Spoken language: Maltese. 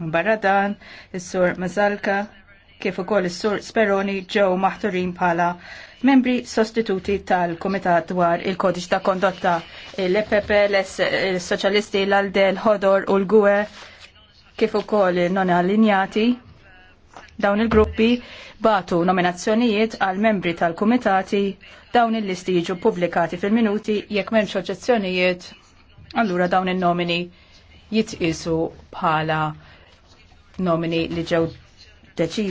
Baradan, dan, is-sur Mazalka, kif ukoll is-sur Speroni ġew maħturin bħala membri sostituti tal-Kumitat dwar il-Kodiċ ta' Kondotta l-EPP, l-Soċjalisti, l-Aldel, Hodor u l-Gwe, kif ukoll non allinjati dawn il-gruppi batu nominazzjonijiet għal membri tal-kumitati dawn il-listi jiġu publikati fil-minuti jekk m'hemmx oġġezzjonijiet allura dawn in-nomini jitqisu bħala nomini li ġew deċiżi.